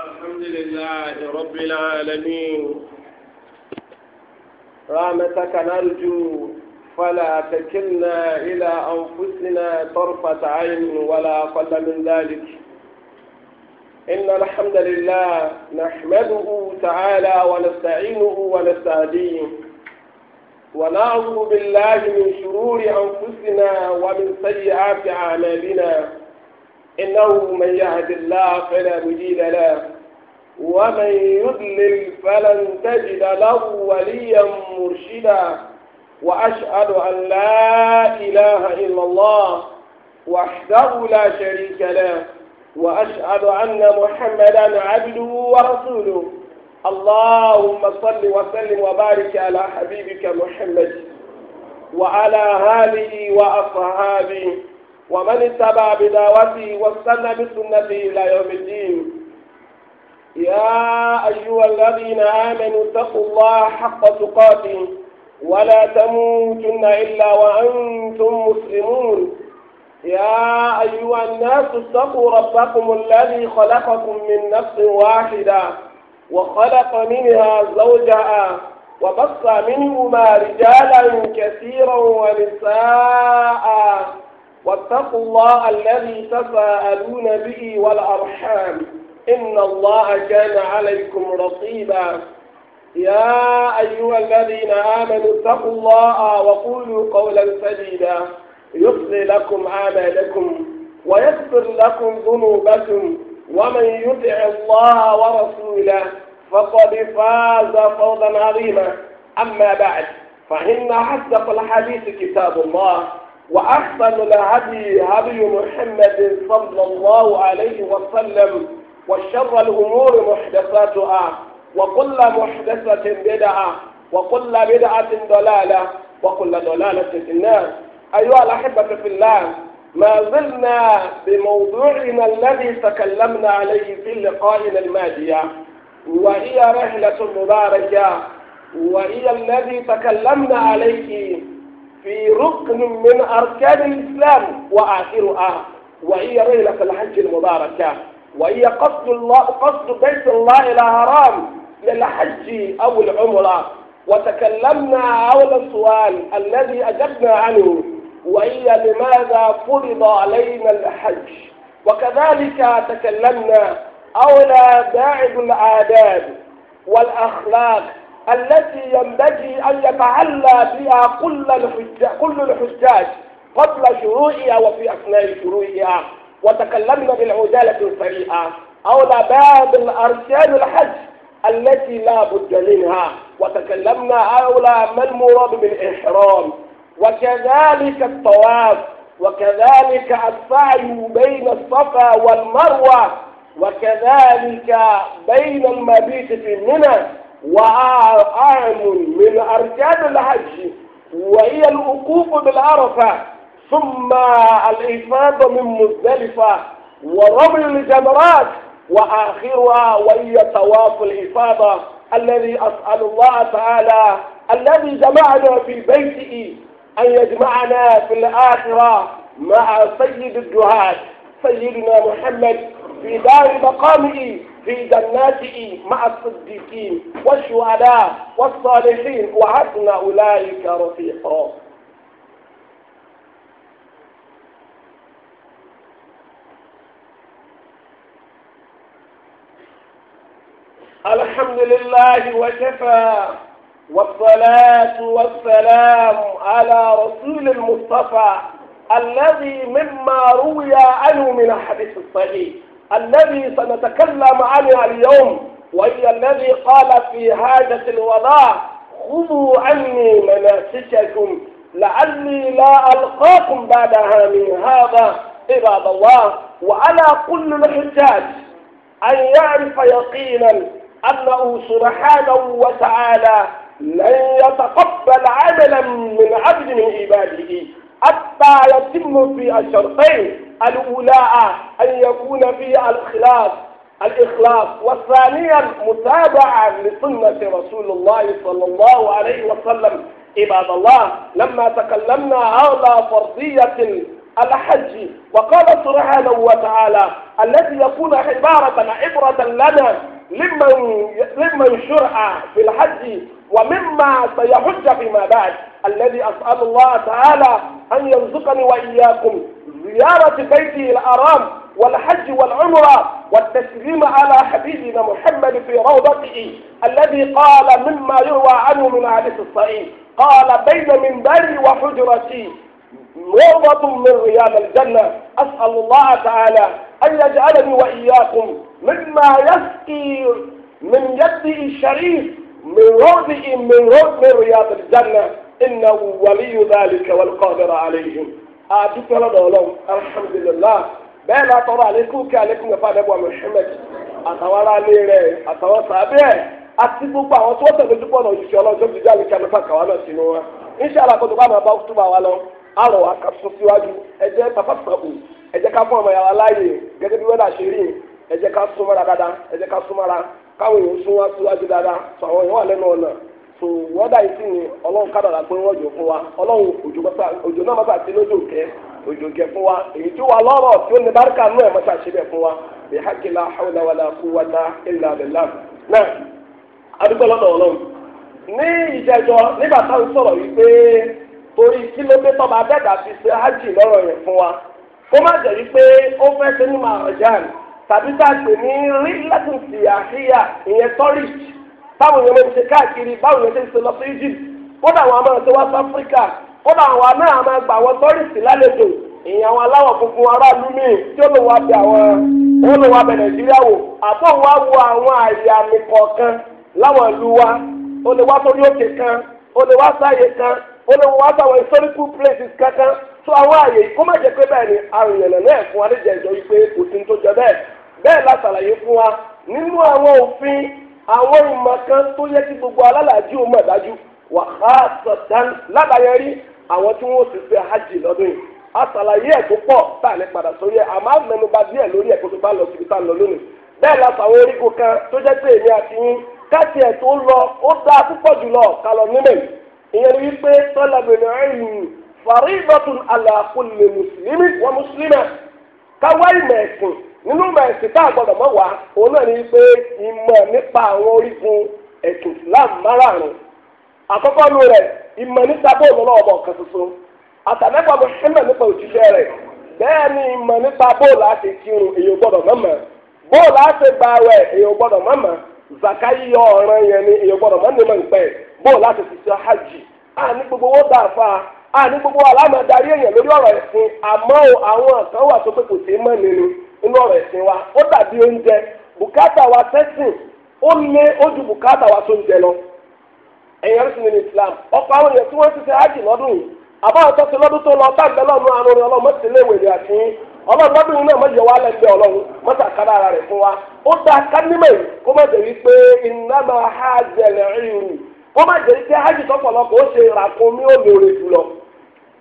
الحمد لله رب العالمين رحمتك نرجو فلا تكلنا إلى أنفسنا طرفة عين ولا أقل من ذلك إن الحمد لله نحمده تعالى ونستعينه ونستهديه ونعوذ بالله من شرور أنفسنا ومن سيئات أعمالنا إنه من يهد الله فلا مجيد له ومن يضلل فلن تجد له وليا مرشدا وأشهد أن لا إله إلا الله وحده لا شريك له وأشهد أن محمدا عبده ورسوله اللهم صل وسلم وبارك على حبيبك محمد وعلى آله وأصحابه ومن اتبع بدعوته واستنى بسنته إلى يوم الدين يا أيها الذين آمنوا اتقوا الله حق تقاته ولا تموتن إلا وأنتم مسلمون يا أيها الناس اتقوا ربكم الذي خلقكم من نفس واحدة وخلق منها زوجها وبص منهما رجالا كثيرا ونساء واتقوا الله الذي تساءلون به والأرحام إن الله كان عليكم رقيبا يا أيها الذين آمنوا اتقوا الله وقولوا قولا سديدا يصلي لكم أعمالكم ويغفر لكم ذنوبكم ومن يطع الله ورسوله فقد فاز فوضا عظيما أما بعد فإن حسب الحديث كتاب الله وأحسن الهدي هدي محمد صلى الله عليه وسلم وشر الأمور محدثاتها وكل محدثة بدعة وكل بدعة ضلالة وكل ضلالة في النار أيها الأحبة في الله ما زلنا بموضوعنا الذي تكلمنا عليه في لقائنا الماضية وهي رحلة مباركة وهي الذي تكلمنا عليه في ركن من أركان الإسلام وآخرها آه، وهي ليلة الحج المباركة وهي قصد الله قصد بيت الله إلى هرام للحج أو العمرة وتكلمنا حول السؤال الذي أجبنا عنه وهي لماذا فرض علينا الحج وكذلك تكلمنا أولى داعب العادات والأخلاق التي ينبغي أن يتعلى بها كل الحجاج, كل الحجاج قبل شروعها وفي أثناء شروعها وتكلمنا بالعدالة السريعة أولى باب الأركان الحج التي لا بد منها وتكلمنا أولى ما المراد بالإحرام وكذلك الطواف وكذلك السعي بين الصفا والمروة وكذلك بين المبيت في منى وعام من أركان الحج وهي الوقوف بالعرفة ثم الإفاضة من مزدلفة ورمي الجمرات وآخرها وهي طواف الإفاضة الذي أسأل الله تعالى الذي جمعنا في بيته أن يجمعنا في الآخرة مع سيد الدعاة سيدنا محمد في دار مقامه في جناته مع الصديقين والشهداء والصالحين وعدنا أولئك رفيقا الحمد لله وكفى والصلاة والسلام على رسول المصطفى الذي مما روي عنه من الحديث الصحيح الذي سنتكلم عنه اليوم وهي الذي قال في حاجة الوضاء خذوا عني مناسككم لعلي لا ألقاكم بعد من هذا عباد الله وعلى كل الحجاج أن يعرف يقينا أنه سبحانه وتعالى لن يتقبل عملا من عبد من عباده حتى يتم في الشرطين الأولى أن يكون فيه الإخلاص الإخلاص والثانية متابعة لسنة رسول الله صلى الله عليه وسلم عباد الله لما تكلمنا على فرضية الحج وقال سبحانه وتعالى الذي يكون عبارة عبرة لنا لمن لمن شرع في الحج ومما سيحج فيما بعد الذي أسأل الله تعالى أن يرزقني وإياكم زيارة بيته الحرام والحج والعمرة والتسليم على حبيبنا محمد في روضته الذي قال مما يروى عنه من حديث الصحيح قال بين منبري وحجرتي روضة من رياض الجنة أسأل الله تعالى أن يجعلني وإياكم مما يسقي من يده الشريف من روضه من روض من رياض الجنة إنه ولي ذلك والقادر عليهم àdúpẹ́ lọ́dọ̀ ọlọ́run alhamdulilah bẹ́ẹ̀ la tọrọ àlékún kí àlékún mẹ́fà dẹ́gbà Muhammad àtàwọn a rẹ̀ àtàwọn sàbẹ̀ ẹ̀ àti gbogbo àwọn tí wọ́n tẹ̀lé ojú pọ̀nà òṣìṣẹ́ ọlọ́run tó fi dá àlékún mẹ́fà kàwá náà sínú ẹ ká so wọ́n dà yìí sí ni ọlọ́run kádàrà pé wọ́n jò fún wa ọlọ́run òjò náà mọ́tà sí lójú kẹ́ òjò kẹ́ fún wa èyí tí wà lọ́rọ̀ tí ó ní báríkà náà mọ́tà sí bẹ̀ fún wa illa náà ní ìjẹjọ nígbà táwọn sọ̀rọ̀ yìí pé torí kí ló dé tọ́ba dẹ́gà fi ṣe ájì lọ́rọ̀ yẹn fún wa kó má jẹ́ ó fẹ́ ṣe ní màrọ̀jáàn tàbí tá a báwo yẹn lè ṣe káàkiri báwo yẹn lè ṣe lọ sí Egypt kódà àwọn àmọ́ ṣe wá sí Áfíríkà kódà àwọn àmọ́ àmọ́ gbà wọ́n tọ́rìsì lálejò èèyàn àwọn aláwọ̀ funfun aráàlú míì tí ó lò wá bẹ àwọn ó wá bẹ Nàìjíríà wò àbọ̀ wá wo àwọn wa ó lè wá sórí òkè kan ó lè wá sáyè kan ó lè wá sáwọn historical places kankan tó àwọn àyè kó má jẹ pé bẹ́ẹ̀ ni àwọn ìmọ̀ kan tó yẹ kí gbogbo alálàájì ó mọ̀ dájú wà á sọ̀tàn lábàáyẹrí àwọn tí wọ́n fẹ́ hajj lọ́dún yìí àṣàlàyé ẹ̀ tó pọ̀ tá a ní padà sórí ẹ̀ àmọ́ àmẹnubà díẹ̀ lórí ẹ̀ kó tó bá lọ síbi tá lọ lónìí bẹ́ẹ̀ la kan tó jẹ́ pé èmi àti yín káàtì ẹ̀ tó lọ ó dáa púpọ̀ jùlọ ka ìmọ̀ ẹ̀sìn nínú ìmọ̀ ẹ̀sìn tá a gbọ́dọ̀ mọ̀ wá òun náà ni pé ìmọ̀ nípa àwọn orígun ẹ̀sìn Islam márààrún àkọ́kọ́ nu rẹ̀ ìmọ̀ nípa bóòlù ọmọ kan tuntun àtàlẹ́gbà bó ṣẹlẹ̀ nípa òṣìṣẹ́ rẹ̀ bẹ́ẹ̀ ni ìmọ̀ nípa bóòlù àti kírun èyí zaka yẹn ni èyí nípa hajj àní gbogbo fa àní gbogbo aláàmọ̀ darí èèyàn lórí ọ̀rọ̀ ẹ̀sìn àmọ́ àwọn kan wà tó pé kò sí mọ́ nínú ẹ̀sìn wa ó dàbí oúnjẹ bùkátà wa sẹ́sìn ó lé ó ju bùkátà wa tó ń jẹ lọ ẹ̀yàn sì nínú Islam ọ̀pọ̀ àwọn èèyàn tí wọ́n ti ṣe ájì lọ́dún yìí lọ́dún tó lọ lọ́nu àti ọlọ́run lọ́dún yìí náà yẹ wá ọlọ́run ara rẹ̀ fún wa ó kánímọ̀ yìí kó má jẹ́ wípé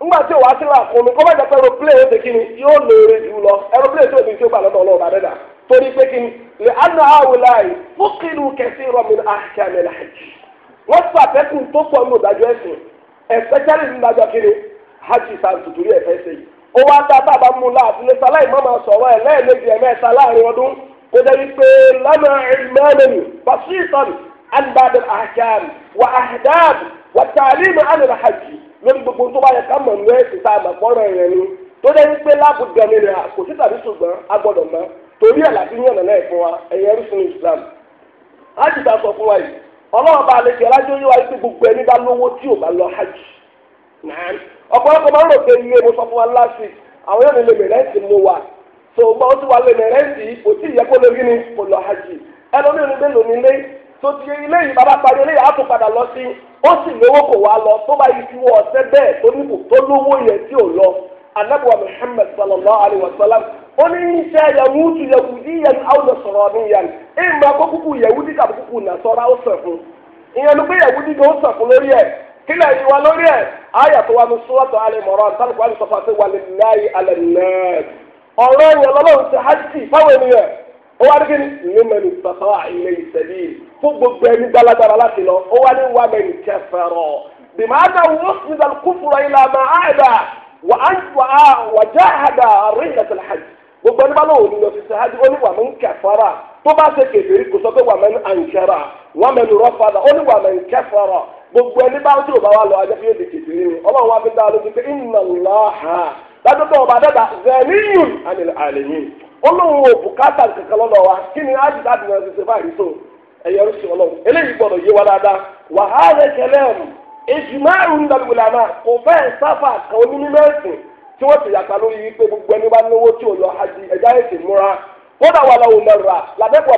ńgbà tí òwò àti làkúnú kọ́ bá jẹ́ pé aeroplane yóò tẹ̀kí ni yóò lóore jù lọ aeroplane tí òbí tí ó gbà lọ́dọ̀ ọlọ́ọ̀bà dẹ́dà torí pé kí ni lè ana awolai fúkìlù kẹsì rọmi àkàmì làjì wọ́n sàfẹ́kùn tó pọ̀ ní òdájọ́ ẹ̀sìn especially ní ìdájọ́ kí ni hajj san tuturi ẹ̀fẹ́ ṣe yìí ó wá dá bàbá mu láàfin ní sáláì má máa sọ̀rọ̀ ẹ̀ lẹ́ẹ̀mejì ẹ̀mẹ́ta láàrin ọdún kó dẹ́bi pé lánàá ìmọ̀lẹ́nu bàṣíìtàn àdìbàdàn àkàmì wà àdáàbì wà tàlímù àdìbàhàjì lórí gbogbo tó bá yẹ ká mọ̀ ní ẹ̀sìn tá a mọ̀ pọ́nrọ̀ ẹ̀rẹ̀ ni tó dé ní pé láàbù gẹ̀mí rẹ̀ kò sí tàbí ṣùgbọ́n a gbọ́dọ̀ mọ̀ torí ẹ̀ láti ní ọ̀nà náà fún wa ẹ̀yẹ ẹ̀rúsùn Islam hajj ta sọ fún wa yìí ọlọ́run bá lè jẹ́ra jó yíwa ipe gbogbo ẹni bá lówó tí ò bá lọ hajj ọ̀pọ̀lọpọ̀ máa ń rò pé iye mo sọ fún wa láti àwọn yóò lè mẹ̀rẹ́ǹtì mú wa tó o gbọ́ ó ti wà lè mẹ̀rẹ́ǹtì kò tí ì yẹ kó lè rí ni kò lọ hajj ẹlòmíràn lè lò nílé tó ti ilé yìí bàbá o sì lówó kò wá lọ tó bá yí tiwọ́ ọ̀sẹ̀ bẹ́ẹ̀ tó ní kò tó lówó yẹn tí ò lọ anabuwa muhammad sallallahu alaihi wasallam ó ní ń ṣe yahudu yahudi yẹn àwọn sọ̀rọ̀ ọdún yẹn ìgbà kó kúkú yahudi kàbí kúkú fún ìyẹn ló yahudi fún lórí kílẹ̀ yìí lórí ó wá nígbìn ní mẹ́nu sọ̀tọ́ àìlè ìsẹ̀lì fún gbogbo ẹni gbalagbara láti lọ ó wá ní wà mẹ́nu kẹfẹ́rọ bìmọ̀ àná wọ́n ti dàn kúfùrọ̀ ìlànà àìdá wà á wà já àdá rìnlẹ̀tẹ̀ hajj gbogbo ẹni bá lọ́wọ́ ní lọ́sí sí hajj ó ní wà mẹ́nu kẹfẹ́rọ tó bá ṣe kèfèrí kò sọ pé wà mẹ́nu ànkẹ́rà wà mẹ́nu rọ́fàdà ó ní wà mẹ́nu kẹfẹ́rọ gbogbo ẹni bá tó bá wà lọ ajá fi yóò di ni ọlọ́run wá fi dá lójú pé ìnàláha dájọ́ tó ọba dẹ́ta olóhùn ò bùkátà kankan lọ́dọ̀ wa kí ni ájì láti náà ṣe ṣe báyìí tó ẹ̀yẹ oríṣi ọlọ́run eléyìí gbọ́dọ̀ yé wa dáadáa wàhálà kẹlẹ́ ọ̀run èjì márùn-ún dàbíwìlà náà kò fẹ́ẹ̀ sáfà kan onímọ̀ ẹ̀sìn tí wọ́n ti yàtọ̀ lórí wípé gbogbo ẹni bá lówó tí ò lọ hajj ẹ̀já èsì múra kódà wà làbẹ́kọ̀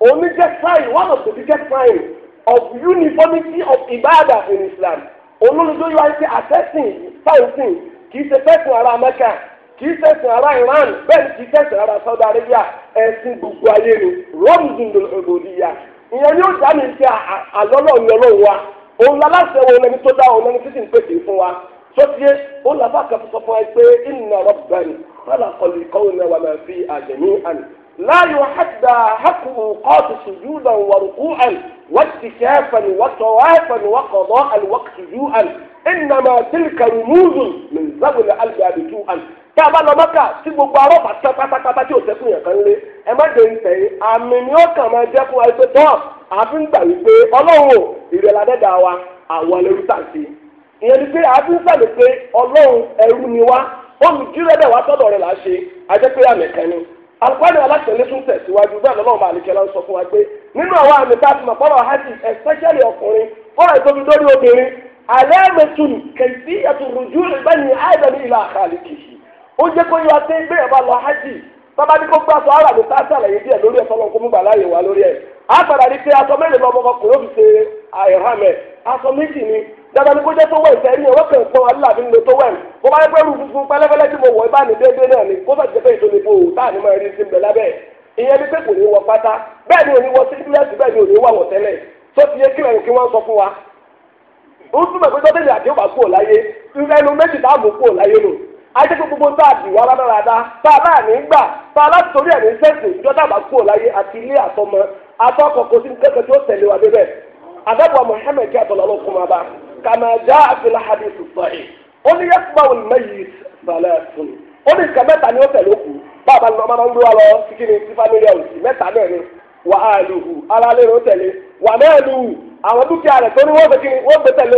Only get sign, one of the biggest signs of uniformity of ibada in Islam. Olólùjọ́ yóò wáyé pé àtẹ́sìn sáyẹ́nsìn kì í ṣe fẹ́sìn ará Mẹ́kà kì í Iran bẹ́ẹ̀ kì í ṣẹ̀sìn ara Saudi Arabia ẹ̀sìn gbogbo ayé ni rọ́ọ̀mùsùn lòdìyà. Ìyẹn ni dá mi ṣe àlọ́lọ́ mi wa. Òun lálásẹ̀ wo lẹni tó dá òun lẹni títí ń pèsè fún wa. ó làbá kan fún wa pé náà wà لا hàdà hàkùnmù kọ́ọ̀tù sùjúdà wàrùkú àl wàtìkẹ́fàn wàtọ̀wáfàn wàkọ̀dọ̀ àl wàkùtùjú àl ìnàmà tìlkà rùmúzùn min zabul àlùbàbìtú àl. tá a bá lọ mọ́kà tí gbogbo arọ́ bá tán pátápátá tí ò sẹ́kùn yẹn kan lé ẹ má dé ń tẹ̀yìn àmì ni ó kàn máa jẹ́ fún wa pé tọ́ àfi ń gbà wípé ọlọ́run ìrẹ̀lẹ́dẹ́dà wa àwọn ẹlẹ́rú tàǹtì ìyẹn ni pé àfi ń sàlẹ̀ pé ọlọ́run ẹrú ni wá olùdílẹ́dẹ̀ wa tọ́lọ̀ rẹ̀ là á ṣe alukọ́ni aláṣẹlẹ̀ tún tẹ̀síwájú bẹ́ẹ̀ lọ́wọ́ máa nìkẹ́ lọ́wọ́ sọ fún wa pé nínú àwọn àmì tá a ti mọ̀ fọ́nà hajj especially ọkùnrin fọ́nà ìtòbi lórí obìnrin alẹ́mẹ̀tún kẹ̀sí ẹ̀tún rújú bẹ́ẹ̀ni àìdẹ̀mí ìlà àkàlì kìí ó jẹ́ kó yíwa pé bẹ́ẹ̀ bá lọ hajj bàbá ní kó gbà sọ ara mi tá a sàlàyé díẹ̀ lórí ẹ̀sọ́ lọ́nkó mú bàlá yẹ̀wà lórí ẹ̀ dábàá ko kó jẹ́ tó wẹ̀ ìfẹ́ yẹn wọ́n kàn aláàbí ń lo tó wẹ̀ bá yẹ pé rúfu fún pẹlẹpẹlẹ tí mo ibà ní déédéé náà ni kó bá pé ètò ìbò ní máa rí sí ni ò ní wọ ni ò ní tó ti yẹ kílẹ̀ kí wọ́n sọ fún wa ó túmọ̀ pé tọ́tẹ̀lì àti kú ọ̀láyé méjì tá a mú kú ọ̀láyé lò ajé gbogbo tá a dì wá rádaràda tá a ní gbà tá a láti torí ìjọ tá a bá kú ọ̀láyé àti ilé àtọmọ atọ́kọ̀ kò sí tẹ̀lé wa àdàbọ̀ kí wa bá. kàmá já àfihàn hadith sahih ó ní yẹ́sùn ni mẹ́yìí sàlẹ̀ fún un ó ní nǹkan mẹ́ta ni ó tẹ̀lé òkú bàbá ni ọmọ máa wa ni sí family house mẹ́ta náà ni wà á lùhù ara lè ló tẹ̀lé wà náà lùhù àwọn dúkìá rẹ̀ tó ní wọ́n gbé kí ni wọ́n gbé tẹ̀lé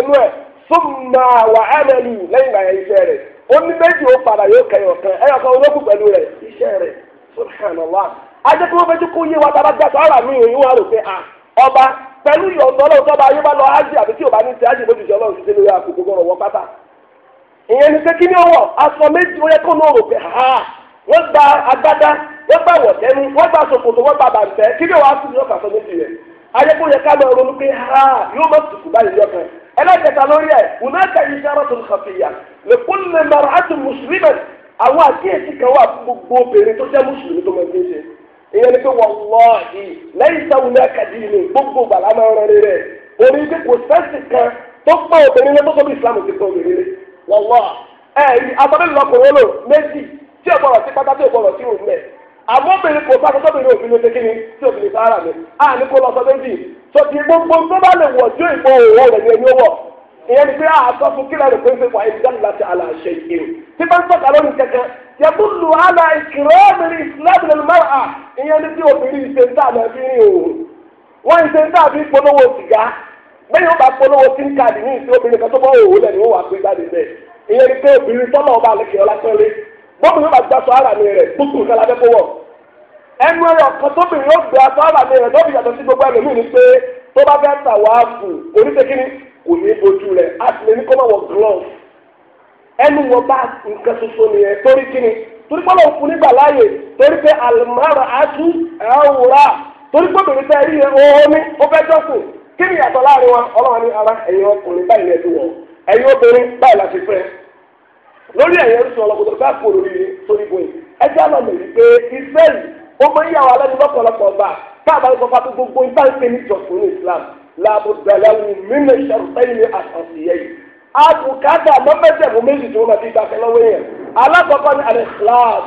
kan pẹ̀lú ìyọ̀ǹda ọlọ́run tọ́ba ayé bá lọ ájì àbí tí o bá ní ti ájì lójijì ọlọ́run ti dé lórí àkókò gbọ́dọ̀ wọ pátá. ìyẹn ni pé kí ni ó wọ̀ aṣọ méjì ó yẹ kó lóòrò pé ha wọ́n gba agbádá wọ́n gba wọ̀tẹ́nu wọ́n gba ṣòkòtò wọ́n gba bàǹtẹ́ kí ni wàá tún ní ọkà sọ méjì rẹ̀ ayé kó yẹ ká lọ ronú pé ha yóò báyìí lọ́kàn lórí ìyẹn ní pé wàlláhi lẹ́yìn sáwùlẹ̀ àkàdé ilé gbogbo bàlá máa ń rẹ rẹ orí pé kò sẹ́sì kan tó pọ̀ obìnrin lé tó tó bí islam ti pọ̀ obìnrin lé wàllá ẹ̀ ẹ̀yìn abọ́dé lọkùnrin lò méjì tí o bọ̀rọ̀ sí pátá tí o bọ̀rọ̀ sí òun mẹ́ àmọ́ obìnrin kò bá tọ́jú obìnrin òfin ló ṣe kíni tí obìnrin sáárà mi àní kó lọ sọ méjì sọ ti gbogbo tó bá lè wọ̀ tí òyìnbó òwò ìyẹn ni pé àgbà fún kílẹ̀ rẹ̀ pé wà ìdáhùn láti aláṣẹ o tí bá ń sọ̀kà lórí kẹ̀kẹ́ yẹtùlù àlà ìkìrọ̀ obìnrin islam lè à ìyẹn o wọ́n ń sìgá bẹ́ẹ̀ yóò bá polówó sí káàdì ní obìnrin kan tó bá òwò wà pé jáde ọba yóò bá gba ara mi rẹ̀ kó wọ̀ ẹnu ẹ̀rọ tóbìnrin yóò gba ara mi kò ní bojú rẹ̀ a sì lè ní kọ́ máa wọ glove ẹnu wọn bá nǹkan ṣoṣo nìyẹn torí kíni torí pé wọn fún nígbà láàyè torí pé alimara atu ẹwùrà torí pé obìnrin fẹ́ rí ẹ ọwọ́ ní ó fẹ́ jọ́sìn kí ni ìyàtọ̀ láàrin wa ọlọ́run ní ara ẹ̀yin ọkùnrin báyìí lẹ́ẹ̀dùn wọn ẹ̀yin obìnrin báyìí láti fẹ́ lórí ẹ̀yẹ orísun ọlọ́gbọ̀dọ̀ bá kú lórí sórí bóyì ẹjẹ́ àná mi rí pé israẹli ó máa ń yà wá lẹ́nu lọ́pọ̀lọpọ̀ gbà tá a bá ń sọ fún gbogbo ìbáǹkì ní ìjọsìn islam làbùdàlẹ́wù mímẹ́ sọ̀rọ̀tẹ́yìn àtàkùyẹ́ yìí. a kò káàdà mọ́mẹ́tẹ̀mú méjì tó máa fi gbàgbé lọ́wọ́ yẹn. alákọ̀ọ́kọ́ ni àlẹ́ class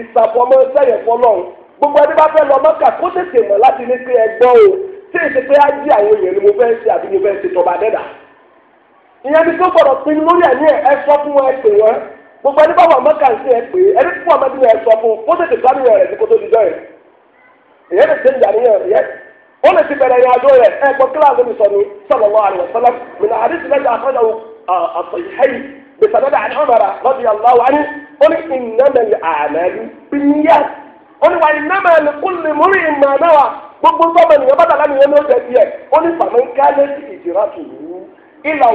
ìsàfọmọ́ sẹ́yìn fọlọ́ gbogbo ẹni bá fẹ́ lọ mọ́kà kó tètè mọ̀ láti ní pé ẹgbọ́ o tí èsì pé á jí àwọn èèyàn ni mo fẹ́ ṣe àbí mo fẹ́ ṣe tọba dẹ́dà. ìyẹn ni tó gbọdọ̀ pinnu lórí ẹ̀mí ẹ sọ fún ẹ pè wọ́n gbogbo ẹni bá wà mọ́kà sí ẹ pè ẹni fún ọmọdé ẹ sọ fún kó tètè gbàdúrà rẹ̀ ní kótó dídọ́ yẹn. ìyẹn lè ṣe ìyàníyàn ó lè ti bẹ̀rẹ̀ ìrìnàjò rẹ̀ ẹ̀gbọ́n kíláàsì mi sọ ní sallallahu alaihi wasallam min hadith lẹ́yìn àkọ́jọ́ àtọ̀yẹ́yì bisanada ani Umar radiyallahu anhu ó ní innamal a'malu binniyat ó ní wa innama likulli imri'in ma nawa gbogbo sọ́mọ nìyẹn bá dàgbà nìyẹn ló jẹ díẹ̀ ó ní ẹ ó ní fàmíńkà ìdìrà tù wú ila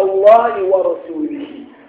Allahi wa rasulihi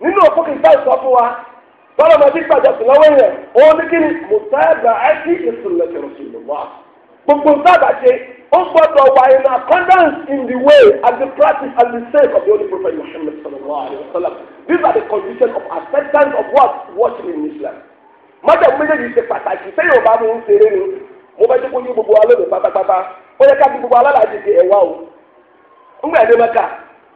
nínú òkú kìí bá ìsọ fún wa bọ́lá máa bí gbàjọ sí lọ́wọ́ yẹn ó ní kí ni mùtáàbà ẹ̀sìn ìsúnlẹ̀ kẹrìndínlọ́wọ́ gbogbo sábà ṣe ó gbọ́dọ̀ wà in accordance in the way and the practice and the sake of the holy prophet Muhammad sallallahu alayhi wa sallam these are the conditions of acceptance of what worship in Islam májàmú méjèèjì ṣe pàtàkì sẹ́yìn ọba mi ń ṣeré ni mo bá jẹ́ kó yí gbogbo alóòdù pátápátá ó yẹ ká gbogbo alálàájì ṣe ẹ̀wá o ń gbà ẹ̀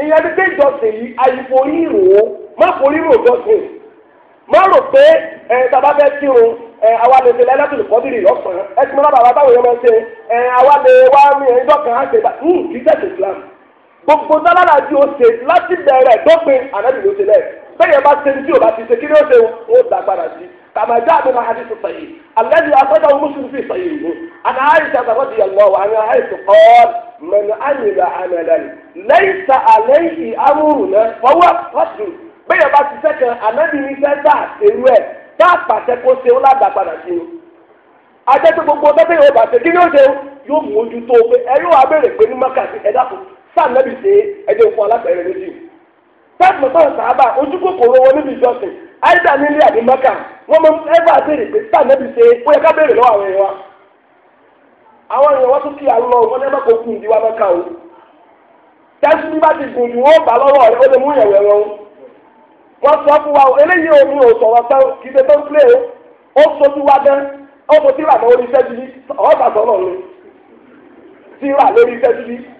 ìyẹn ti dé ìjọsìn yìí àyùkò yìí ó má forí rò jọsìn má rò pé ẹ tàbá fẹ́ ẹ àwa lè ṣe lẹ́lẹ́tìlì kọ́dìrì lọ́sàn-án ẹ ti ẹ àwa lè wá mi ẹ á ṣe bá ń kí Islam gbogbo sálára tí o ṣe láti o bá ti ṣe kí ni ṣe كما جاء بما حديث الصحيح الذي أخرجه مسلم في صحيحه عن عائشة رضي الله عنها حيث قال من عمل عملا ليس عليه أمرنا فهو a gbogbo tẹ́tẹ́ yóò bàtẹ́ kí ni ó ṣe yóò mójútó ẹ yóò wá béèrè pé ní mọ́kàtí ẹ̀dá kù sáà ṣe alápẹ̀rẹ̀ tábìlì tó ń sábà ojú kòkòrò wọn níbi ìjọsìn àìdá nílé àbí mẹ́kà wọ́n mọ pé sáà nẹ́bi ṣe ó yẹ ká béèrè lọ́wọ́ àwọn àwọn èèyàn wọ́n tún kí alọ́ wọn ní ẹgbẹ́ kò kùn ìdíwá mẹ́kà o tẹ́sí bí bá ti gùn jù wọ́n bá lọ́wọ́ rẹ̀ ó lè mú o wọ́n sọ fún wa eléyìí omi ò sọ̀rọ̀ kì í ṣe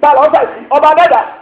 tó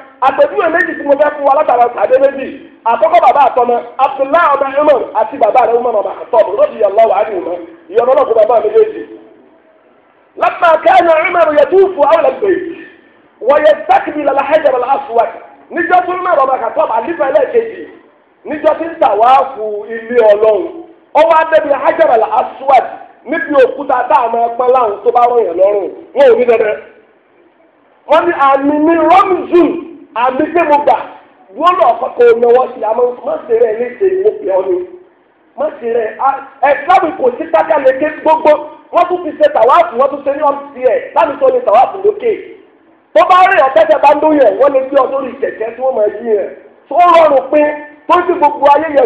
àpèjúwe méjì tí mo fẹ́ fún wa látara pàdé méjì àkọ́kọ́ bàbá àtọ́mọ Abdullahi ọba Umar àti bàbá ọmọ Umar lọ́dún ìyọ̀nà bàbá méjèèjì. لما كان عمر يطوف حول البيت ويستقبل níjọ́ tó níjọ́ tí ń ilé Ọlọ́run níbi òkúta láwọn tó bá rọ̀yàn lọ́rùn wọn ò ní dẹ́dẹ́ wọ́n ní àmì ní àmì tí mo gbà wọ́n lọ kọ́kọ́ lọ́wọ́ sí àmọ́ má ṣe rẹ̀ léṣe mo pè ọ́ ni má ṣe rẹ̀ ẹ̀ka mi kò sí gbogbo wọ́n tún ṣe tàwáàfù wọ́n tún ṣe ní ẹ̀ ní tàwáàfù lókè tó bá rí bá ń wọ́n lè gbé ọ lórí kẹ̀kẹ́ tí wọ́n máa yí rẹ̀ tó rọrùn pé tó ti gbogbo ayé yẹ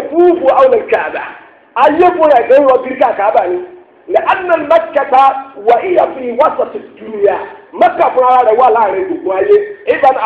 àwọn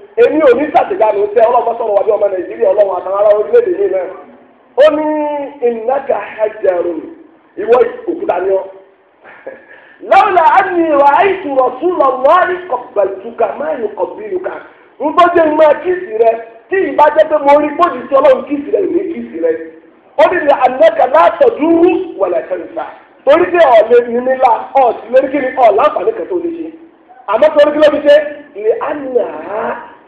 èmi ò ní sàtìjánu tẹ ọlọ́mọ sọ̀rọ̀ wájú ọmọ nàìjíríà ọlọ́run àtàwọn ará yìí náà ó ní ìnáka ìwọ òkúta ni ọ. lọ́la àmì ìwà àìsùrọ̀ súnlọ wọ́ọ̀rì kọ̀bẹ̀tùkà máàlù kọ̀bìlùkà ń tó jẹ́ kíìsì rẹ tí ìbá jẹ́ pé mo rí bójú ọlọ́run rẹ ìwé rẹ ó ní ní látọ̀dú torí pé ọ̀lẹ́ nílá ọ̀sìn lórí ọ̀ láǹfààní àmọ́ kí ló fi ṣe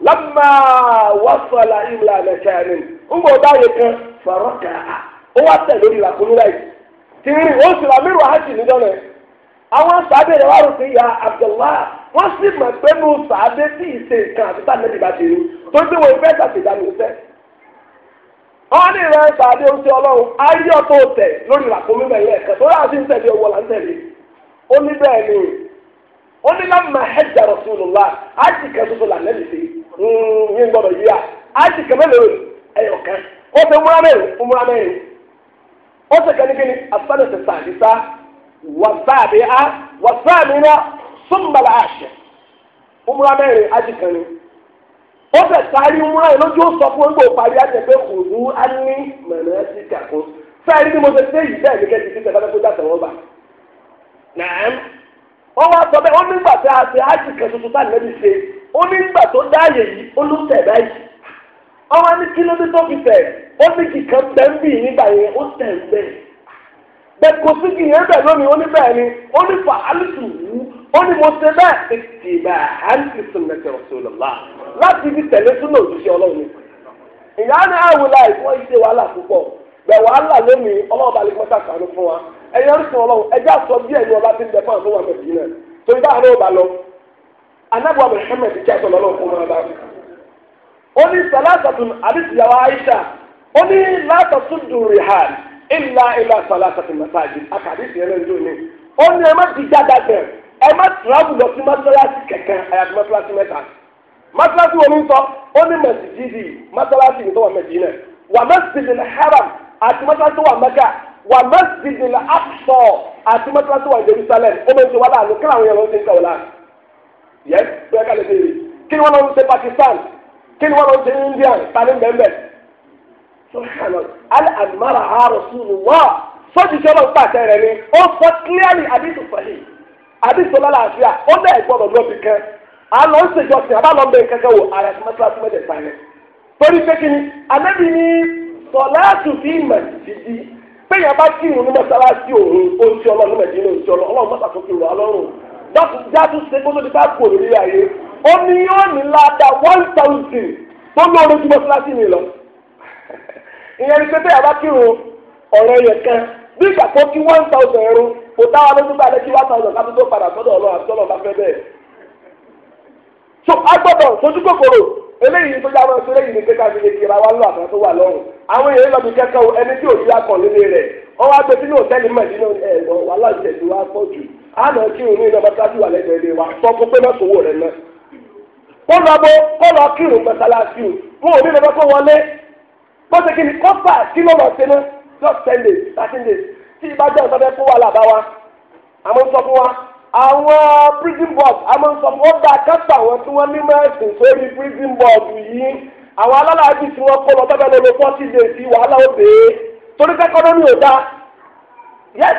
lamma wasala ilà nàìjíríà ńgbà ọba yẹ kan fọrọ wa ó wá tẹ̀ kunu làkúnú láì tìrì ó sì wà mírù hajj níjọ́ náà àwọn sàbẹ̀ rẹ̀ wá ya Abdullah sì mọ̀ pé mo sàbẹ̀ sí ìṣe nǹkan àti sáà nẹ́bí bá ti tó ń déwọ̀ ìfẹ́ ṣàtìjà mi fẹ́. wọ́n ní ìrẹ́ oṣù ayé lórí là ó ní ni yín gbọ́dọ̀ yí à ájì kẹmẹ́lẹ̀ rẹ̀ ẹ̀yọ̀ kan ó fẹ́ múra mẹ́rin fún múra mẹ́rin ó sì kẹ́ni ni asálẹ̀ tẹ̀ sàdí sá wà sáàbí á wà sáàbí lójú pé ni mo ṣe yìí ni ti wọn nàá wá sọ nígbà tí a tuntun tá ó ní tó dáàyè yìí ó ló ọmọ ní kí tó fi tẹ̀ ó ní kìkan tẹ́ǹbì nígbà yẹn ó tẹ̀ bẹ́ẹ̀ kò sí kìyẹn lónìí ni ó ní fa alùpùpù wù ó ní mo ṣe bẹ́ẹ̀ ètì àǹtí láti fi tẹ̀lé súnà òṣìṣẹ́ ọlọ́run ìyá ni àwòlá ìfọ́ ìṣe wàhálà púpọ̀ bẹ̀ wàhálà lónìí lè kàánú fún wa anábọ̀ Muhammad kí a sọ̀rọ̀ lọ́wọ́ fún wọn bá wọn. ó ní sàlásàtún àbísíyàwó Aisha ó ní látàtúndù rihal ilà ilà sàlásàtún mẹsàgì àkàdísì ẹ̀rọ ìlú mi. ó ní ẹ má ti jáde bẹ̀ ẹ má tìrábù lọ sí mọ́sálásí kẹ̀kẹ́ àyàtú mọ́sálásí mẹ́ta. mọ́sálásí wo ló ń sọ ó ní mẹsìdìdì mọ́sálásí ní tó wà Mẹ́dínà wà mẹ́sìdìdì haram àti mọ́sálásí wà Mẹ́kà wà mẹ́sìdìdì Aqsa àti mọ́sálásí wà Jerusalem ó mẹ́sìdìdì wà láàánú kí làwọn yẹn lọ sí ń kà láàánú. yẹn bẹ́ẹ̀ ká kí ni lọ Pakistan kí ni wọ́n lọ India tani bẹ́ẹ̀ al amara ha pàṣẹ ni ó sọ clearly àdìsù fẹ̀lì àdìsù lálàáfíà ó bẹ́ẹ̀ gbọ́dọ̀ lọ fi kẹ́ àlọ́ ń ṣèjọsìn àbálọ́ ń bẹ kẹ́kẹ́ wò ààrẹ àti mẹ́tíláṣí mẹ́tẹ̀ sáyẹn torí pé kí ni fi jìjì pé bá mọ́sálásí òun ọlọ́run dájú ṣe kó ló ti bá kò lórí ayé ó ní yóò ní láta one thousand tó lóore ju mọ́ṣáláṣí mi lọ. ìyẹn ní pépé àbá kírun ọ̀rọ̀ yẹn kan bí ìgbàgbọ́ kí one thousand ẹ̀rọ kò dáwà lójú bá lẹ́kí one thousand láti tó padà sọ́dọ̀ ọlọ́run àti ọlọ́run bá fẹ́ bẹ́ẹ̀. so agbọ́dọ̀ sojú kòkòrò eléyìí tó yára ẹsẹ eléyìí ní kékeré àti kékeré wa lọ àtàwọn tó wà lọ́rùn àwọn èèyàn lọ bí kẹ́kọ̀ọ́ ẹni tí òbí akọ̀ nílé rẹ̀ ọwọ́ agbẹ́sí ní òtẹ́ẹ̀lì mẹ́ẹ̀ẹ́dínlẹ́ ẹ̀ wàhálà ìṣẹ̀lú wa pọ̀ jù àná kí irun iná mọ́sálásí wà lẹ́gbẹ̀ẹ́ ilé wa sọ fún pé má sòwò rẹ̀ náà kó lọ bó kó lọ kí irun mọ́sálásí o wọn ò ní lọ́dọ́ tó wọlé bó ṣe kí ni kó fà kí ló lọ sí ní just ten days thirteen days tí ibà jẹ́ ọ̀sán fẹ́ fún wa làbá wa àmọ́ sọ fún wa àwọn prison board àmọ́ sọ fún wọn dá kásá wọn tí wọ́n ní mẹ́sìn sórí prison board yìí àwọn alálàájì tí wọ́n kó lọ bẹ́ẹ̀ lọ́lọ́ fọ́ọ̀tì days wàhálà ó dé torí kẹ́kọ́ lónìí ò dáa yes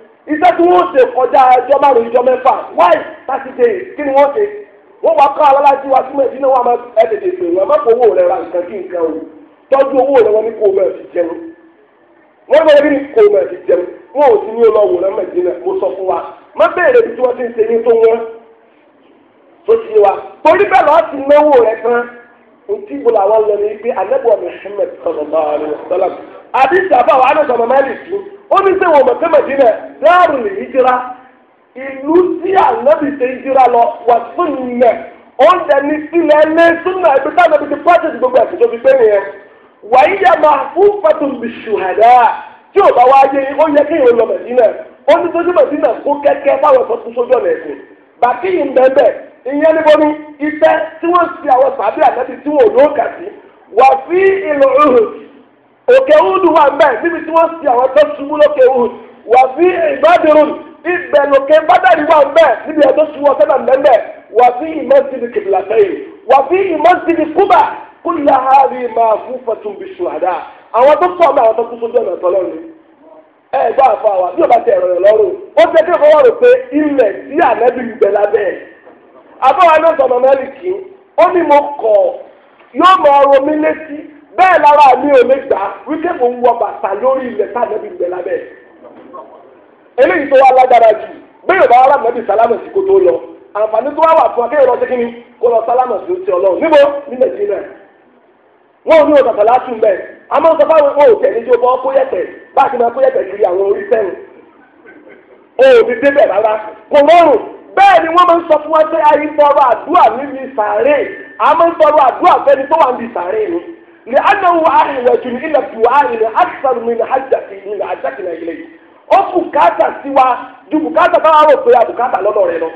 iṣẹ́ tí wọ́n ṣe kọjá ẹjọ́ márùn-ún ìjọ mẹ́fà wáì sátidé kí ni wọ́n ṣe wọ́n wá kọ́ alálàájú wa sí mẹ́sìn náà wọ́n máa ẹ tètè pè wọ́n má fowó rẹ̀ ra nǹkan kí nǹkan o tọ́jú owó rẹ̀ wọ́n ní kó mẹ́ẹ̀ fi jẹun wọ́n bẹ̀rẹ̀ bí ní kó mẹ́ẹ̀ fi jẹun wọn ò sí ní olówó rẹ̀ mẹ́dínà mo sọ fún wa má béèrè bí tí wọ́n ti ń ṣe ní tó wọ́n tó ti wa torí bẹ́ẹ̀ lọ́ọ́ ti náwó rẹ̀ tán ntí gbọ́dọ̀ àwọn lọ ní pé anábọ̀ Muhammad sallallahu alaihi wasallam adi àbáwọ̀ anáṣọ màmá lè fi ó ní sẹ́wọ̀n ọmọ pé Mẹdínà dáàrú lè ìlú tí ànábì ṣe lọ wà fún nẹ oúnjẹ ní sílẹ̀ ní táwọn ti gbogbo ẹ̀sìn tó fi gbé nìyẹn wàyí yẹ máa fún fatun bìṣùhàdá tí ò bá wáyé ó yẹ kí ìwé lọ ó ní kó kẹ́kẹ́ fáwọn ni tí wọ́n ti àwọn sàbí àtẹ́tí tí wọ́n òkè Uhud wà mbẹ níbi tí wọn si àwọn tó ṣubú lókè wà sí ìbádìrún ibẹ̀ lókè bádàrí wà mbẹ níbi ẹjọ ṣubú ọsẹ náà mbẹmbẹ wà sí ìmọ̀síbi kìbìlàfẹ́yìn wà sí ìmọ̀síbi Kúbà máa fún bí àwọn tó sọ ọmọ àwọn tó kú sójú ẹ wa bí ọba tẹ ẹ̀rọ rẹ ó ṣe kí ọkọ̀ rò pé ilẹ̀ tí ànábì ń bẹ lábẹ́ bẹ́ẹ̀ lára mi ò lè gbà wíkẹ́ mò ń wọ bàtà lórí ilẹ̀ lábẹ́ eléyìí tó wá lágbára jù bẹ́ẹ̀ bá wàhálà nàbì sálámà sí kó tó lọ àǹfààní tó wá wà fún akéèrè lọ kínní kó lọ sálámà sí ti ọlọ́run níbo ní nàìjíríà wọn o kàtàlá tún bẹ́ẹ̀ àmọ́ sọ fáwọn tẹ̀ níjó bọ́ bá a ti máa kó ni wọ́n máa ń sọ wa pé لأنه أحوج إلى الدعاء أكثر من حاجتنا إليه ó bùkátà sí wa ju bùkátà bá wà rò pé àbùkátà lọ́dọ̀ rẹ lọ.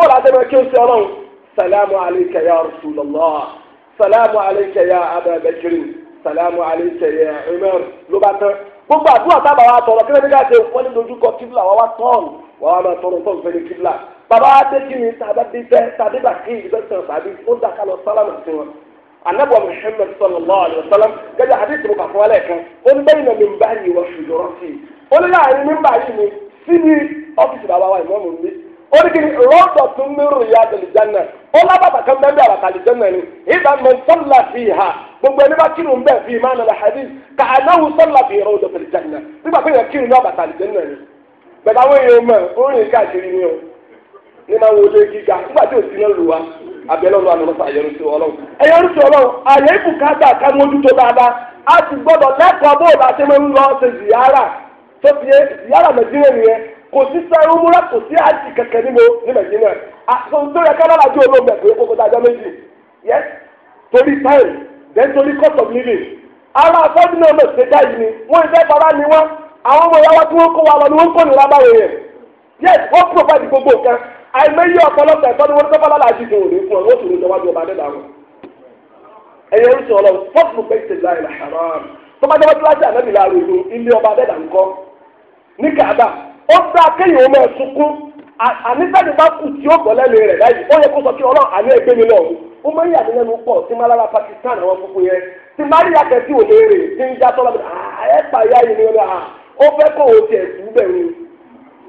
a adébẹ̀ kí o ṣe salamu alayka ya salamu alayka ya salamu alayka ya umar ló bá tán. gbogbo àdúrà tábà wa tọrọ kí lóde káṣe wọn ní dojúkọ wa wa anabuwa muhammed sallallahu alayhi wa sallam gẹ́gẹ́ hadith mu kàfọ́ alẹ́ kan ó ní bẹ́ẹ̀ ní bá yìí wọ́n fi yọrọ sí i ó ní láàrin ní bá yìí ni sí ní ọ́fíìsì bàbá wa ìmọ̀ mọ̀ mi ó ní kí ni rọ́ọ̀tọ̀ tún ní rìyà àlìjánná ó lábàbà kan bẹ́ẹ̀ bí àbàtà àlìjánná ni ìgbà mọ̀ sọ́là fi hà gbogbo ẹni bá kírun bẹ́ẹ̀ fi máa nàlẹ́ hadith kà ánáwó sọ́là fi rọ́ọ̀tọ̀ àlìjánná nígbà pé yẹn kírun ní àbàtà àlìjánná ni bẹ̀rẹ̀ àwọn èèyàn mọ̀ ó rìn káàkiri ni ó ní máa wọlé gíga nígbà tí ò abẹ́lọ́lọ́ àná lọ́sọ̀ àyọrísí ọlọ́run. àyọrísí ọlọ́run àyè ìbùkátà ká mójútó dáadáa a ti gbọ́dọ̀ lẹ́kọ̀ọ́ bó o bá ṣe máa ń lọ ṣe ziyara tó fi ziyara nàìjíríà nìyẹn kò sí sẹ́rú múra kò sí àjì kẹ̀kẹ́ nínú ní nàìjíríà àtúntò yẹ kálára ju olóògbé pé kókó dájọ́ méjì yẹ torí time then torí cost of living ara afọ́jú náà lọ sí ẹja yìí ni wọ́n ìfẹ́ fara ni wọ́n àwọn ọmọ ìyá wa tí wọ́n kó wa lọ ni wọ́n kó nira báwo yẹn yes wọ́n provide gbogbo nǹkan a ọ̀pọ̀lọpọ̀ ẹ̀kọ́ ni wọ́n tọ́ bá lálàájì tó òní fún ọ wọ́n tún lè tọ́wájú ọba nílà wọn. ẹ̀yẹ ń sọ ọlọ́run láì tó bá dáwọ́ ọba ní kàdá ó dá ẹ̀sùnkún bá kù tí ó bọ̀ lẹ́nu rẹ̀ ó yẹ kó sọ kí àní ẹgbẹ́ Pakistan àwọn fúnfún yẹn tí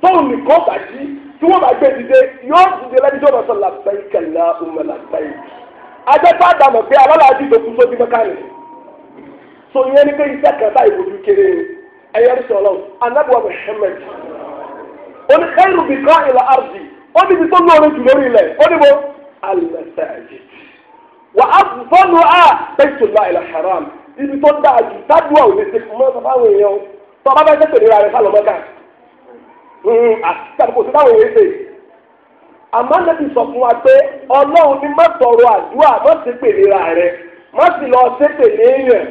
tóun nìkan bá jí tí wọ́n bá gbé dìde yóò dìde lẹ́ni tó lọ sọ làbẹ́yì kẹlẹ́ ọmọ làbẹ́yì. ajẹ́pẹ́ àdàmọ̀ pé alálàájì tó kú sóbi mẹ́ká rẹ̀. so ìyẹn ni pé iṣẹ́ kẹta ìbòjú kéré ẹ̀yẹ ń sọ̀rọ̀ anábìwá Muhammad. oní khairu bi kọ́ ìlà ardi ó níbi tó lóore jù lórí ilẹ̀ ó níbo al-masajid. wà á fọ́nù à baytullahi al-haram ibi tó dáa jù tábùwà ò àtàkùn hmm, ah, sí táwọn èèyàn ṣe àmọ́ nẹ́bí sọ fún wa pé ọlọ́run ní má tọrọ àdúrà má sì pèlè ra rẹ má sì lọ pèlè yẹn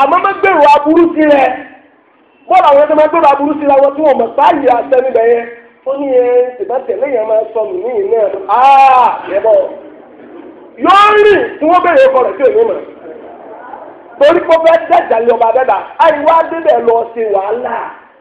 àmọ́ má gbèrò aburú sí rẹ àwọn ẹni má gbèrò aburú sí wọn tí mọ̀ yẹn ó ní ẹ máa sọ mí náà yẹ ah, yóò rìn tí wọ́n ọkọ rẹ̀ tí mọ̀ torí ọba àyíwá lọ ṣe wàhálà.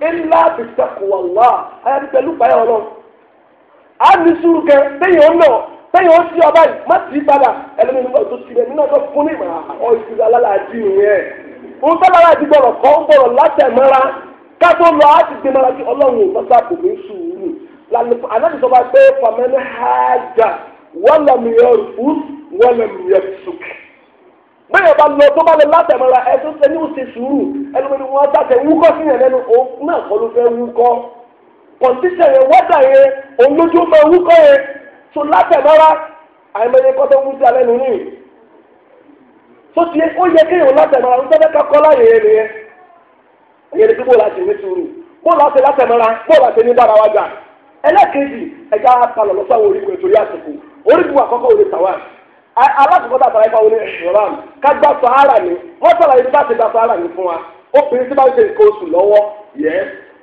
ilá bìtẹ́kùwà wá ayájú pẹ̀lú pàyà ọlọ́run á ní sùúrù kẹ téèyàn ń nà téèyàn ń ọba yìí má tì padà ẹlẹ́ni nígbà tó ti rẹ̀ nínú ọjọ́ fún ní ìmọ̀ ọ̀ ìṣúra alálàájì nìyẹn òun fẹ́ lára ti gbọ́rọ̀ kọ́ ń lọ ti kí ò kò ní sọ bẹ́ẹ̀ bá lọ tó bá lọ látẹ̀mọ́ra ẹ si ṣe ní òsè sùúrù wọn tàṣẹ wúkọ́ sí yẹn lẹ́nu òun náà kọ́ ló fẹ́ wúkọ́ kọ̀ǹtíṣẹ̀ yẹn wọ́dà yẹn òun lójú fẹ́ wúkọ́ yẹn tó látẹ̀mọ́ra àìmọye kọ́ tó wúdí alẹ́ nínú tó ti yẹ kéèyàn látẹ̀mọ́ra ń tẹ́lẹ̀ nìyẹn bó Ala àtàrà ìfọwọ́ ní ìrọ̀rùn ká gba sahara ni wọ́n sọ̀rọ̀ ibi ti gba wọ́n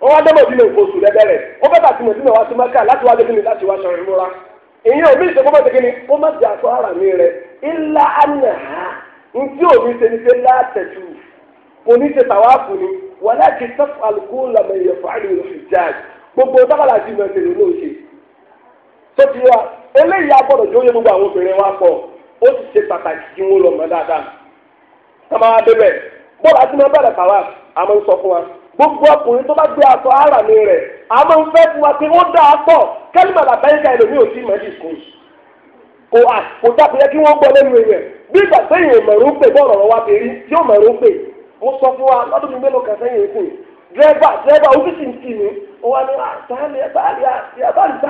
wá nǹkan oṣù lẹ́bẹ̀rẹ̀ ó sí mẹ́kà láti wá láti wá ìmúra ìyẹn òbí ó má jà mi rẹ̀ ilá àná ntí òbí ṣe ní ṣe látẹ̀tù kò ní ṣe tàwáàfù ni wàlá kì í sọ́fù àlùkò làmọ̀ èèyàn fún gbogbo ló ṣe. eléyìí agbọ́dọ̀ gbogbo àwọn obìnrin wa ó sì ṣe pàtàkì kí wọ́n lọ mọ̀ dáadáa. àmọ́ adébẹ̀ bọ́ọ̀lù àti mọ́ bẹ̀rẹ̀ kàwá àmọ́ ń sọ fún wa gbogbo ọkùnrin tó bá gbé aṣọ ara mi rẹ̀ àmọ́ ń fẹ́ fún wa pé ó dáa pọ̀ kẹ́lí màlà bẹ́ńkà ẹlòmíì ò sí mọ́lì skul kò à kò dábò yẹ kí wọ́n gbọ́ lẹ́nu rẹ̀ bí ìgbà sẹ́yìn mẹ̀rún pè bọ́ọ̀lù ọ̀rọ̀ wa bèrè yóò mẹ̀rún pè mo sọ fún wa lọ́dún mi mélòó kan sẹ́yìn kù dírẹ́bà dírẹ́bà ó ń tì mí wọ́n á ní àtàlẹ́ àtàlẹ́ àtàlẹ́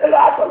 àtàlẹ́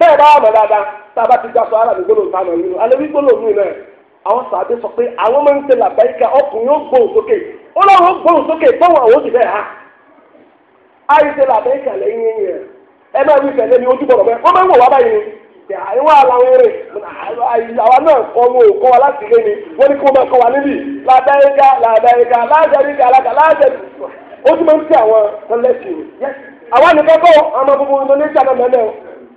bẹ́ẹ̀ bá wà mọ̀ dáadáa tá a bá ti gbà sọ ara mi gbọ́dọ̀ ta mọ̀ nínú alẹ́ wí gbọ́dọ̀ náà àwọn sàdé sọ pé àwọn máa ń ọkùnrin ó sókè ó ó sókè àwọn ha àìsè lẹ́yìn ẹ máa wí ojú bọ̀rọ̀ wọ́n máa ń wọ̀ wá báyìí ni àwa náà kọ́ wọn ò kọ́ wa láti lé ni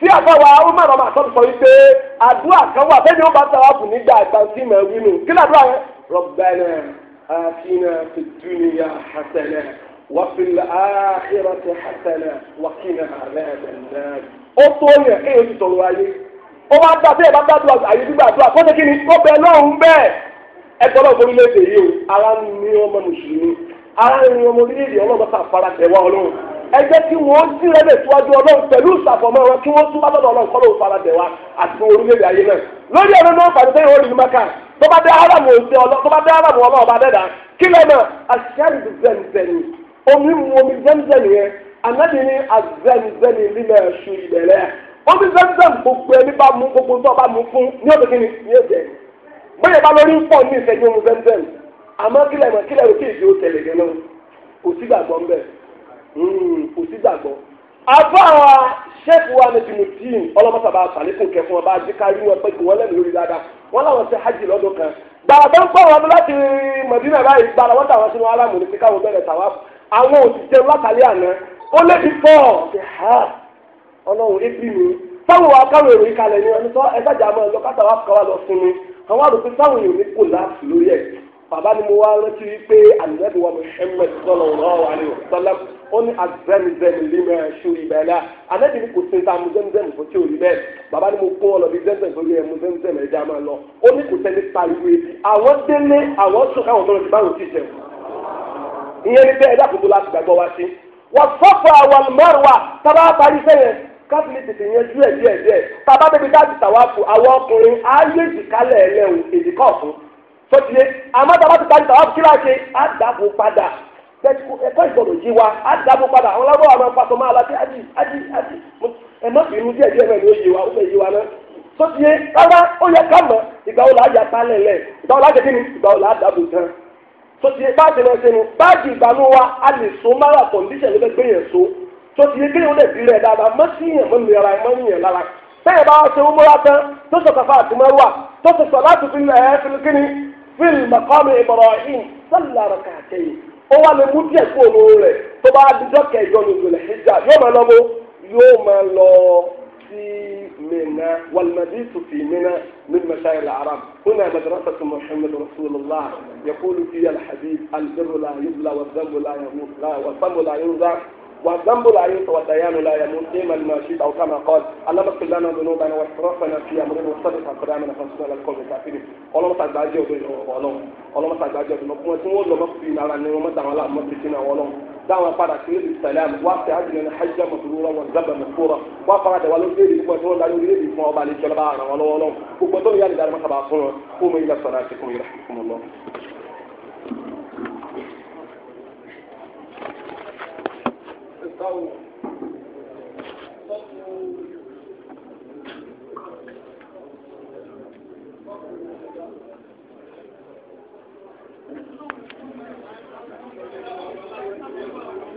tí àbáwá umar ọmọ àtọ́sọ wípé àdúrà kan wà bẹ́ẹ̀ ni ó bá tàwa kù nígbà ìgbàsí mọ̀ ẹ̀wí nù kí làdúrà yẹn. Rabbana atina wa fil akhirati hasana wa qina ó tó yẹ kéèyàn ti ayé ó máa gbà bẹ́ẹ̀ bá gbàdúrà gbígbà àdúrà ni bẹ lọ́hùn bẹ́ẹ̀ o ẹ jẹ́ kí wọ́n sí rẹ́lẹ̀ síwájú ọlọ́run pẹ̀lú ìsàfọ̀mọ́ wọn kí wọ́n tún bá lọ́dọ̀ ọlọ́run kọ́ lóun fara dẹ̀ wa àti fún orílẹ̀-èdè ayé náà lórí ọ̀rọ̀ náà pàdé sẹ́yìn orí ni maka tó bá dé aramu ọ̀sẹ̀ ọlọ́ tó bá dé aramu ọlọ́ ọba dẹ́dà kí lọ́nà àṣẹ́rìdì zẹ̀nzẹ̀nì omi mu omi zẹ̀nzẹ̀nì yẹn anáde ní azẹ̀nzẹ̀nì lílẹ̀ ṣu ìbẹ̀rẹ̀ omi zẹ̀nzẹ̀nì gbogbo ẹni bá mu gbogbo tó bá mu fún ní ọ̀dọ̀ kí ni ní ẹ̀jẹ̀ bóyá bá lórí pọ̀ ní ìfẹ̀yìn omi zẹ̀nzẹ̀nì àmọ́ kílẹ̀ mọ̀ kílẹ̀ rò kí ìdí ó tẹ̀lé gẹ́gẹ́ náà kò sígbàgbọ́ ń bẹ̀rẹ̀ Hmm, kò sí gbàgbọ́. abá sẹ́ẹ̀fù wa ní tìmùtìmù ọlọ́mọ́sàbà àtàlẹ́kùn kẹfún ọba àjíkárí wọn pé kí wọ́n lẹ́nu lórí dáadáa wọ́n láwọn ṣe hajj lọ́dún kan. gbàgbọ́ ń pọ̀ wọn láti Mẹdínà báyìí gbàgbọ́ wọn tàwọn sínú alámù ní kíkà wọn bẹ̀rẹ̀ tàwa àwọn òṣìṣẹ́ látàlẹ́ àná ó lé bí pọ̀ ṣe ha ọlọ́run mi wa káwọn èrò yìí kalẹ̀ Baba ni mo wá rántí wípé ànábì wa Muhammad sallallahu alaihi wasallam ó ní azẹmizẹmi lima ṣúri bẹ́ẹ̀ náà ni kò sí ta mu zẹmizẹmi fún tí ò rí bẹ́ẹ̀ bàbá ni mo kún ọ lọ bí zẹmizẹmi fún yẹ mu zẹmizẹmi ẹja máa lọ ó ní kò sẹ́ni pariwo ebi àwọn délé àwọn sùn káwọn tọrọ ti báwọn ti jẹun ìyẹn ni bẹ́ẹ̀ ẹ̀dá kòtò láti gbàgbọ́ wá sí wọ́n sọ́fọ̀ àwọn mọ́rùwà tábà parí sẹ́yìn káfíńtì tètè yẹn díẹ̀ díẹ̀ díẹ̀ tábà bẹ́ẹ̀ bí tàwa fún àwọn ọkùnrin ayé ìdíkálẹ̀ ẹlẹ́hùn èdè kọ̀ọ̀tún sọ́tìlé àmọ́ tá a bá ti parí tàwọn kíra ṣe á dàbò padà ẹ̀kọ́ ìgbọ̀dọ̀ yé wa á dàbò padà àwọn lábọ̀ àwọn apàtọ̀ máa láti ájì ájì ájì ẹ̀ má bínú díẹ̀ díẹ̀ mẹ́rin ó yé wa ó fẹ́ yé wa náà sọ́tìlé rárá ó yẹ ká mọ̀ ìgbà wo làá yà pálẹ̀ lẹ̀ ìgbà wo làá jẹ́ kí ni ìgbà wo làá dàbò gan sọ́tìlé báàgì náà ṣe ni báàgì ìgbàanú wa a lè so mara kọ̀ndíṣẹ̀ ló fẹ́ gbé yẹn so sọ́tìlé gbé yẹn ó lè bí rẹ̀ dáadáa mọ́ sí yẹn mọ́ nira mọ́ yẹn lára في بعض أمورات تصفى تمروى تصفى لا تفين لها في الكني في المقام إبراهيم صلى ركعتين هو لمدة قولة طبعا بجوك يجون في الحجة يوم لو يوم لو في منا والمجلس في منا من مشايع العرب هنا مدرسة محمد رسول الله يقول فيها الحديث البر لا يبلى والذنب لا يغوص لا والصم لا ينزع والذنب لا ينسى والديان لا يموت دائما ما شئت او كما قال اللهم اغفر لنا ذنوبنا واسرافنا في امرنا وثبت اقدامنا فانصرنا على القوم الكافرين اللهم تجاوز ọlọ́run ọlọ́run tàgbàjọ ìdùnnú fún ẹ tí wọn lọ mọ fi ìlara ní ọmọ táwọn aláàmọ ti fi náà wọlọrun dáwọn padà sí ilé ìsàlám wá sí àjùlẹ ní hajj mọtòlúwà wọn zábà mẹfọrọ wá fara dẹwà ló dé ìdìbò tí wọn darí orílẹ̀ èdè fún ọba àlejò ọba àràn wọn lọ́wọ́ lọ́wọ́ gbogbo tó ń yára ìdárí mọ́tàbà fún wọn kó mo yíra sọ̀rọ̀ àti kó mo yíra fún wọn lọ. الضوء Thank you.